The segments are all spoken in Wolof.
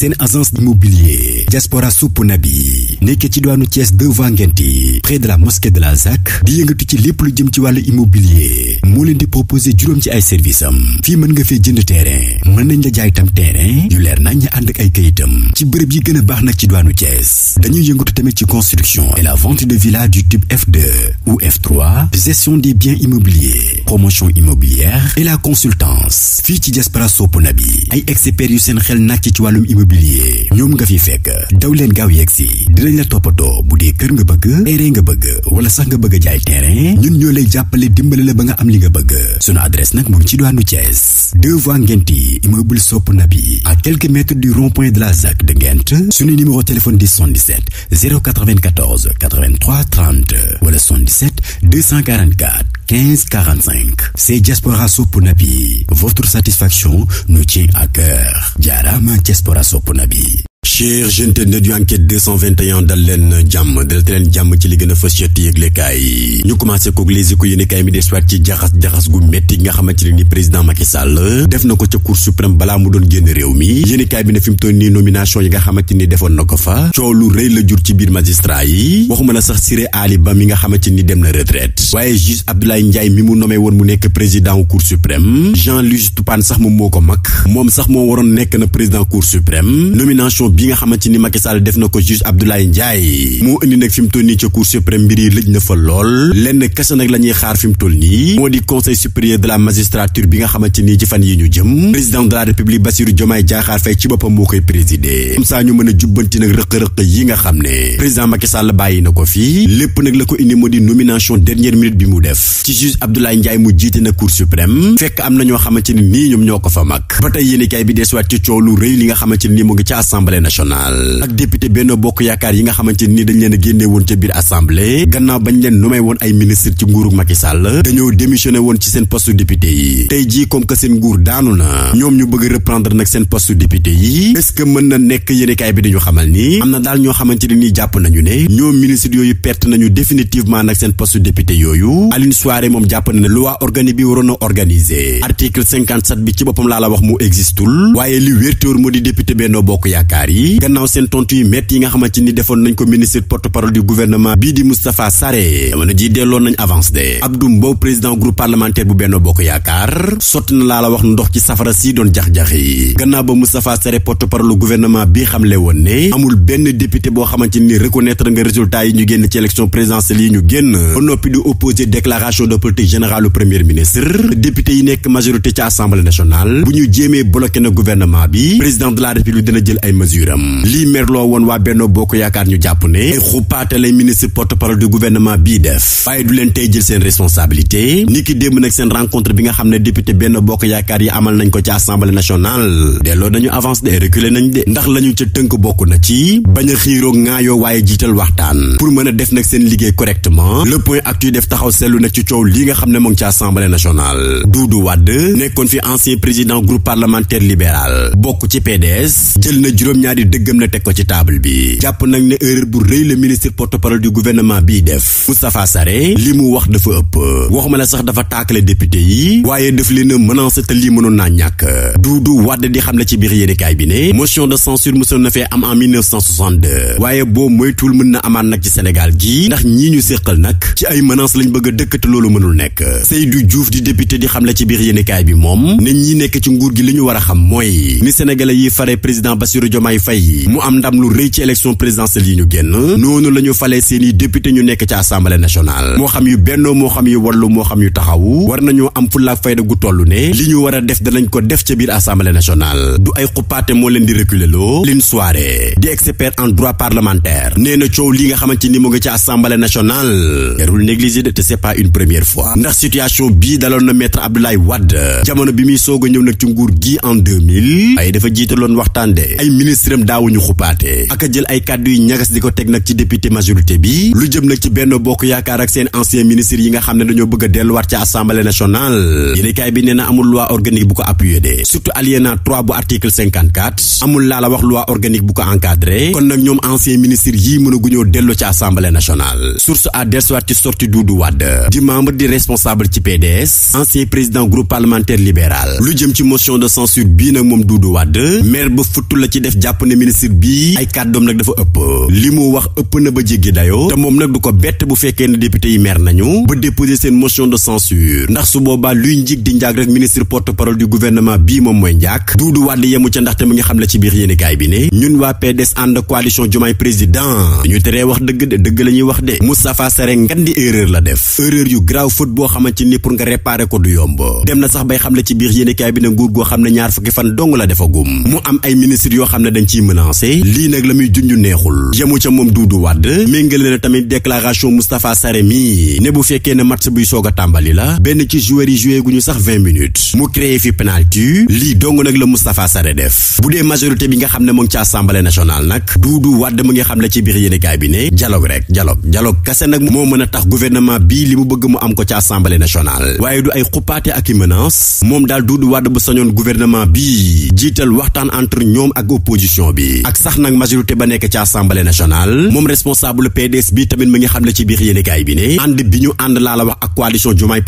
seen agence immobilier diaspora suppuna bi nekk ci diwaanu Thiès devant Ngenti près de la mosquée de la ZAC di yëngatu ci lépp lu jëm ci wàllu immobilier moo leen di proposer juróom ci ay services am fii mën nga fee jënd terrain mën nañ la jaay terrain yu leer nañ ñu ànd ak ay kayitam ci bërëb yi gën a baax nag ci diwaanu Thiès dañuy yëngatu tamit ci construction et la vente de villas du type F2 ou F3 gestion des biens immobiliers promotion immobilière et la fii ci diaspora suppuna bi ay experts seen xel nàcc ci wàllum immobilier immobilier ñoom nga fi fekk daw leen gaaw yegg si dinañ la toppatoo bu dee kër nga bëgg terrain nga bëgg wala sax nga bëgg jaay terrain ñun ñoo lay jàppale dimbale la ba nga am li nga bëgg sunu adresse nag mu ngi ci doonu Thiès deux voies Ngenti immeuble Sopp Nabi à quelques mètres du rond-point de la ZAC de Ngent suñu numéro téléphone di 77 094 83 30 wala 77 244 15 45 c'est Diaspora Sopp Nabi votre satisfaction nous tient à cœur jaaraama Diaspora Sopp sopp nabi chers jeunes yu enquête 221 dal leen jàmm dal te leen jàmm ci li gën a fës yett yëglekaay ñu commencé kook les échos yéenekaay mi des waat ci jaxas-jaxas gu métti nga xamante ne ni président Macky Sall def na ko ca cour suprême balaa mu doon génn réew mi yéenekaay ne ni defoon na ko fa coow lu rëy la jur ci biir magistrat yi waxuma la sax Siré Ali Ba mi nga xamante ni dem na retraite waaye juge Abdoulaye Ndiaye mi mu nommé woon mu nekk président wu cour Jean-Louis Toupane sax moom moo ko mag moom sax moo waroon nekk na président cour suprême nomination nga xamante ni Macky Sall def na ko juge Abdoulaye moo koy a président Macky bàyyi na ko fii lépp nag la ko indi moo di nomination dernière minute bi mu def ci juge Abdoulaye Ndiaye mu jiite na cour suprême fekk am na ñoo xamante ni nii ñoom ñoo ko fa mag ba tey bi desuwaat ci coow lu rëy li nga xamante ni moo ngi ci assemblée nationale nationale ak député Benno Bokk Yaakaar yi nga xamante ni dañ leen a génne woon ca biir assemblée gannaaw bañ leen numee woon ay ministre ci nguurug Macky dañoo démissionné woon ci seen poste député yi tey jii comme que seen nguur daanu na ñoom ñu bëgg reprendre nag seen poste député yi est mën na nekk yéenekaay bi dañu xamal ni am na daal ñoo xamante ne nii jàpp nañu ne ñoom ministre yooyu perte nañu définitivement nag seen poste député yooyu Aline Souaré moom jàpp moo yi yi gannaaw seen tontu yu métti nga xamante ni defoon nañ ko ministre porte-parole du gouvernement bii di Moustapha Sarré jamono ji delloon nañ avance de Abdou Mbow président groupe parlementaire bu Benno Bokk Yaakaar sotti na laa la wax ndox ci safara si doon jax-jax yi gannaaw ba Moustapha Sarré porte-parole gouvernement bi xamle woon ne amul benn député boo xamante ni reconnaître nga résultat yi ñu génn ci élection présidentielle yi ñu génn ba noppi di opposer de politique générale au premier ministre yi nekk majorité ci assemblée nationale bu ñu jéemee bloqué na gouvernement bi président de la république dina jël ay mesures mbiram lii merloo woon waa benn Bokk Yaakaar ñu jàpp ne xupaate lay ministre porte-parole du gouvernement bii def waaye du leen tey jël seen responsabilité ni ki démb nag seen rencontre bi nga xam ne député benn Bokk Yaakaar yi amal nañ ko ci assemblée nationale delloo nañu avance de reculer nañ de ndax lañu ca tënk bokk na ci bañ a xiiroo ŋaayoo waaye jiital waxtaan pour mën a def nag seen liggéey correctement le point actuel def taxaw seetlu nag ci coow lii nga xam ne moo ngi ci assemblée nationale Doudou Wade nekkoon fi ancien président groupe parlementaire libéral bokk ci PDS jël na juróom-ñaari di dëggam na teg ko ci table bi jàpp nag ne erreur bu rëy la ministre porte-parole du gouvernement bii def Moustapha Sarré li mu wax dafa ëpp waxuma la sax dafa taakale député yi waaye daf leen a lii mënoon naa ñàkk Doudou Wade di xam ci biir yéenekaay bi ne motion de censure mosoon fee am en waaye boo moytuwul mën na amaat nag ci Sénégal gi ndax ñii ñu séqal nag ci ay menaces lañ bëgg a loolu mënul nekk Seydou Diouf di député di xam a Faye mu am ndam lu rëy ci élection présidentielle yi ñu génn noonu la falee seeni député ñu nekk ci assemblée nationale moo xam yu bennoo moo xam yu wallu moo xam yu taxawu war nañu am fullaak fayda gu toll ne li ñu war a def danañ ko def ca biir assemblée nationale du ay xuppaate moo leen di reculer loo soirée di expert en droit parlementaire nee coow li nga xamante ni mu ngi ci assemblée nationale jarul négliger de te c'est une première fois bi muy soog a ñëw nag ci nguur gi en 2000 itam daawuñu xupaate ak a jël ay kàddu yu ñagas di ko teg nag ci député majorité bi lu jëm nag ci benn bokk yaakaar ak seen ancien ministre yi nga xam ne dañoo bëgg a delluwaat ci assemblée nationale yéenekaay bi nee na amul loi organique bu ko appuyé de surtout alinéa 3 bu article 54 amul laa la wax loi organique bu ko encadré kon nag ñoom ancien ministre yii mën a guñoo delloo ci assemblée nationale source à delluwaat ci sorti Doudou Wade di membre di responsable ci PDS ancien président groupe parlementaire libéral lu jëm ci motion de censure bii nag moom Doudou Wade maire ba ci def jàpp ne ministre bii ay kàddoom nag dafa ëpp li mu wax ëpp na ba jéggi dayoo te moom nag du ko bett bu fekkee ne député yi mer nañu de censure ndax su boobaa luy njig di njaag rek ministre porte parole du gouvernement bii moom mooy njaag duudu wàdd yemu ca ndaxte mu ngi xam la ci biir yéeni bi ne ñun waa PDS ànd coalition Diomaye président ñu teree wax dëgg de dëgg la wax de Moustapha Sare ngan di erreur la def erreur yu grave faute boo xamante ni pour nga réparer ko du yomb dem na sax bay xam la ci biir yéeni bi ne nguur goo xam ne ñaar fukki fan dong la defagum mu am ciy menacé lii nag la muy junj neexul yemu ca moom Doudou Wade méngale na tamit déclaration Moustapha Sarr mi ne bu fekkee ne match buy soog a tàmbali la benn ci joueur yi joué guñu sax 20 minutes mu créé fi penalty lii dong nag la Moustapha Sarr def dee majorité bi nga xam ne moo ngi ci assemblée nationale nag Doudou Wade mu ngi xam ne ci biir yéenekaay bi ne dialogue rek dialogue dialogue kase nag moo mën a tax gouvernement bii li mu bëgg mu am ko ci assemblée nationale waaye du ay xuppaate ak i menace moom daal Doudou Wade bu sañoon gouvernement bii jiital waxtaan entre ñoom ak opposition opposition bi ak sax nag majorité ba nekk ci assemblée nationale moom responsable PDS bi tamit mu ngi xam ne ci biir yéenekaay bi ne ànd bi ñu ànd laa la wax ak coalition Diomaye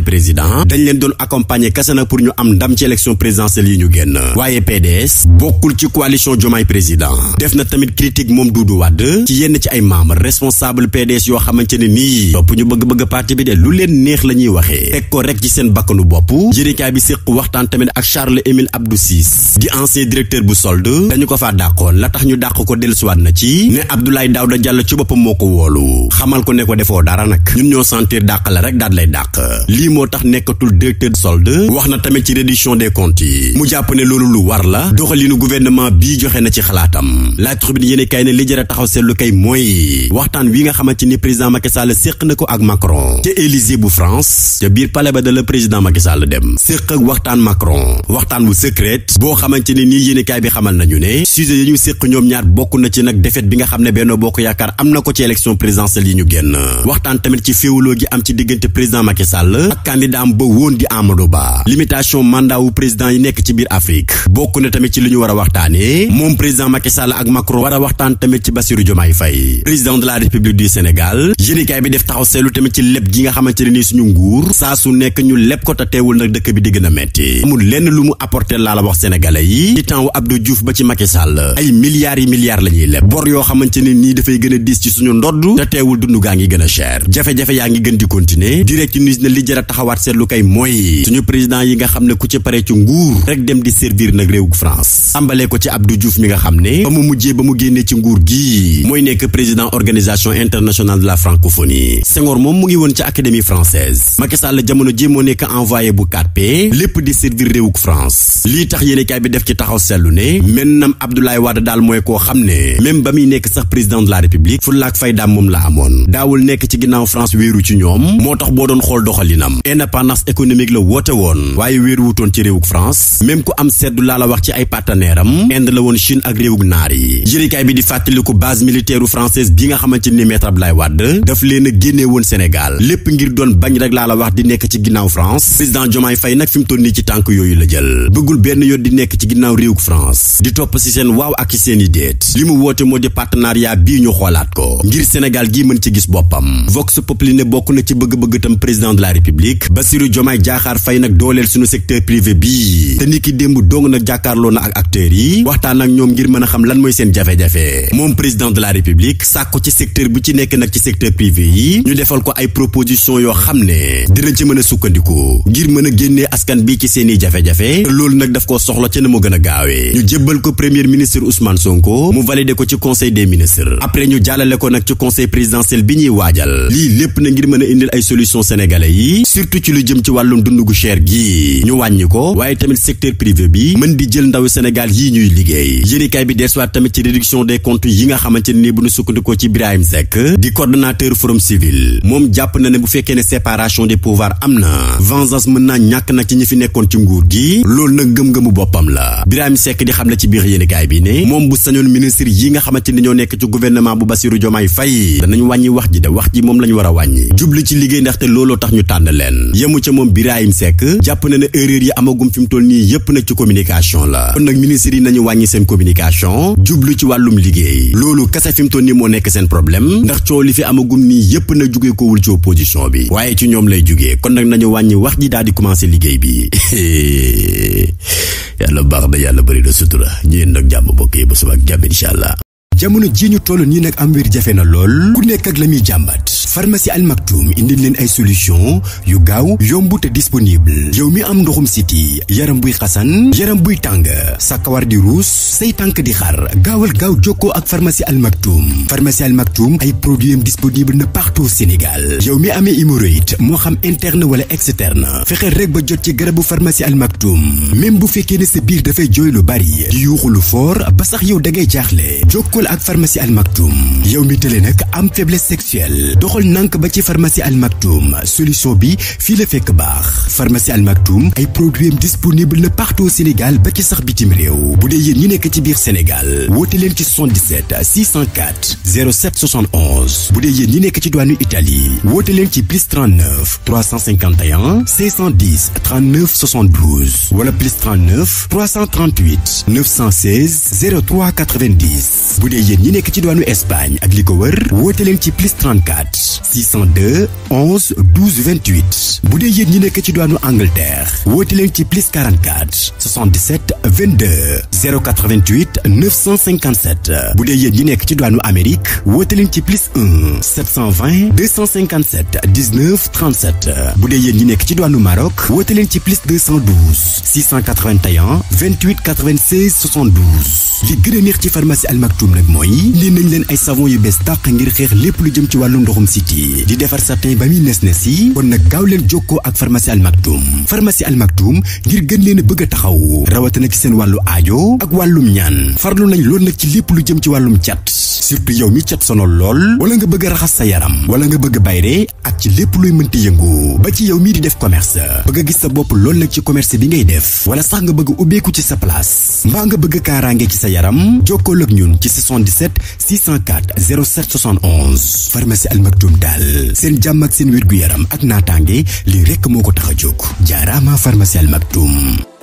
président dañ leen doon accompagner kese nag pour ñu am ndam ci élection présidentielle yi ñu génn waaye PDS bokkul ci coalition Diomaye président def na tamit critique moom Doudou Wade ci yenn ci ay membres responsable PDS yoo xamante ne nii topp ñu bëgg-bëgg parti bi de lu leen neex la ñuy waxee teg ko rek waxtaan tamit ak Charles Émile Abdou Ciss di ancien directeur bu solde dañu ko faa dàqoon la tax ñu dàq ko dellusiwaat na ci ne Abdoulaye Daouda Diallo ci boppam moo ko woolu xamal ko ne ko defoo dara nag ñun ñoo sentir dàq la rek daal lay dàq lii moo tax nekkatul directeur solde wax na tamit ci reddition des comptes yi mu jàpp ne loolu lu war la doxalinu guvernement bii joxe na ci xalaatam la tribune yéene kay ne li jëra taxaw lu kay mooy waxtaan wi nga xamante ni président Macky Sall séq na ko ak Macron ca Élysée bu France ca biir palais ba da la président Macky Sall dem waxtaan Macron waxtaan bu secret boo xamante ni nii yéenekaay bi xamal nañu ne sujet yi ñu séq ñoom ñaar bokk na ci nag défaite bi nga xam ne Benno Bokk Yaakaar am na ko ci élection présidentielle yi ñu génn waxtaan tamit ci féewuloo gi am ci diggante président Macky Sall ak candidat am ba woon di Amadou Ba limitation mandat wu président yi nekk ci biir Afrique bokk na tamit ci li ñu war a waxtaanee moom président Macky ak Macron war a waxtaan tamit ci Bassirou qualité amul lenn lu mu apporter laa la wax sénégalais yi ci temps wu Abdou ba ci Macky Sall ay milliards yi milliards la ñuy leb bor yoo xamante ne nii dafay gën a diis ci suñu ndodd te teewul dund gaa ngi gën a cher jafe-jafe yaa ngi gën di continuer direct news na li jëra taxawaat seetlu kay mooy suñu président yi nga xam ne ku ci pare ci nguur rek dem di servir nag réewu France tàmbalee ko ci Abdou Diouf mi nga xam ne ba mu mujjee ba mu génnee ci nguur gi mooy nekk président organisation internationale de la francophonie Senghor moom mu ngi woon ci académie française Macky Sall jamono ji moo nekk envoyé bu 4 di servir réewuk France lii tax yéenekaay bi def ci taxaw seetlu ne mennam Abdoulaye Wade daal mooy koo xam ne même ba muy nekk sax président de la République fullaak faydaam moom la amoon daawul nekk ci ginnaaw France wéeru ci ñoom moo tax boo doon xool doxalinam indépendance économique la woote woon waaye wéeru wutoon ci réewuk France même ku am seddu laa la wax ci ay partenaire am Inde la woon Chine ak réewuk naar yi yéenekaay bi di fàttaliku base militaire française bi nga xamante a ci tànk yooyu la jël bëggul benn yoon di nekk ci ginnaaw réew France di topp si seen waaw ak seen i déet li mu woote moo di partenariat bii ñu xoolaat ko ngir Sénégal gi mën ci gis boppam Vox Populi ne bokk na ci bëgg-bëgg tam président de la République Bassirou Diomaye Diakhar fay nag dooleel suñu secteur privé bii te ni ki démb dong nag jàkkaarloo na ak acteurs yi waxtaan ak ñoom ngir mën a xam lan mooy seen jafe-jafe moom président de la République sàkku ci secteur bu ci nekk nag ci secteur privé yi ñu defal ko ay proposition yoo xam ne dina ci mën a sukkandiku seen i jafe-jafe loolu nag daf koo soxla ca ne mu gën a gaawee ñu jébbal ko premier ministre Ousmane Sonko mu validé ko ci conseil des ministres après ñu jàllale ko nag ci conseil présidentiel bi ñuy waajal lii lépp na ngir mën a indil ay solution sénégalais yi surtout ci lu jëm ci wàllum dund gu cher gi ñu wàññi ko waaye tamit secteur privé bi mën di jël ndawu Sénégal yi ñuy liggéey yéenekaay bi deesuwaat tamit ci réduction de comptes yi nga xamante ne nii bu ñu sukkandikoo ci Birahim Seck di coordonnateur forum moom jàpp na ne bu fekkee ne séparation des pouvoirs am na vengeance mën naa ñàkk nag ci ñi fi nekkoon nekkoon ci nguur gi loolu nag gëm-gëmu boppam la Birahim sekk di xam ne ci biir kaay bi ne moom bu sañoon ministre yi nga xamante ni ñoo nekk ci gouvernement bu Bassirou Diomaye Faye danañ wàññi wax ji de wax ji moom la ñu war a wàññi jublu ci liggéey ndaxte looloo tax ñu tànn leen yemu ca moom Birahim Seck jàpp na ne erreur yi amagum fi mu toll nii yépp nag ci communication la kon nag ministre yi nañu wàññi seen communication jublu ci wàllum liggéey loolu kase fi mu toll nii moo nekk seen problème ndax coow li fi amagum nii yépp nag jugee koowul ci opposition bi waaye ci ñoom lay jugee kon nag nañu wàññi wax ji daal di commencer liggéey bi yàlla baax na yàlla bari na sutura ñu yéen nag jàmm mbokk yi ba suba ak jàmm incha allah jamono ji ñu toll nii nag am wér jafe na lool ku nekk ak la muy jàmbat farmasi Al Maktoum indi leen ay solution yu gaaw yomb te disponible yow mi am ndoxum siti yaram buy xasan yaram buy tàng sa kawar di ruus say tànk di xar gaawal gaaw jokkoo ak pharmacie Al Maktoum pharmacie Al Maktoum ay produit am disponible na partout Sénégal yow mi amee hémorroïde moo xam interne wala externe fexeel rek ba jot ci garabu pharmacie Al Maktoum même bu fekkee ne sa biir dafay jooy lu bari di yuuxu ba sax yow da ngay ak pharmacie Al Maktoum yow mi tële nag am faiblesse sexuelle doxal nank ba ci pharmacie Al Maktoum solution bi fii la fekk baax pharmacie Al Maktoum ay produits disponible na partout au Sénégal ba ci sax bitim réew bu dee yéen ñu nekk ci biir Sénégal woote leen ci 77 604 07 71 bu dee yéen ñi nekk ci douane Italie woote leen ci plus 39 351 610 39 72 wala plus 39 338 916 03 90 yéen ñi nekk ci diwaanu Espagne ak li ko wër woote leen ci plus 34 602 11 12 28 bu dee yéen ñi nekk ci diwaanu Angleterre woote leen ci plus 44 77 22 088 957 bu dee yéen ñi nekk ci diwaanu Amérique woote leen ci plus 1 720 257 19 37 bu dee yéen ñi nekk ci diwaanu Maroc woote leen ci plus 212 681 28 96 72 li gën a neex ci pharmacie Al Maktoum nag mooy li nañ leen ay savon yu bees tàq ngir xeex lépp lu jëm ci wàllu ndoxum siti di defar sapin ba muy nes nes yi kon na gaaw leen jokkoo ak pharmacie Al Maktoum pharmacie Al Maktoum ngir gën leen a bëgg a taxaw rawatina ci seen wàllu aajo ak wàllum ñaan farlu nañ lool nag ci lépp lu jëm ci wàllum cat surtout yow mi cat sonal lool wala nga bëgg raxas sa yaram wala nga bëgg bayre ak ci lépp luy mënti yëngu ba ci yow mii di def commerce bëgg gis sa bopp lool nag ci commerce bi ngay def wala sax nga bëgg ubbeeku ci sa place mbaa nga bëgg kaaraange yaram jokkool ak ñun ci 77 604 07 71 pharmacie Al Maktoum daal seen jàmm ak seen wér yaram ak naataange lii rekk moo ko tax a jóg jaaraama pharmacie Al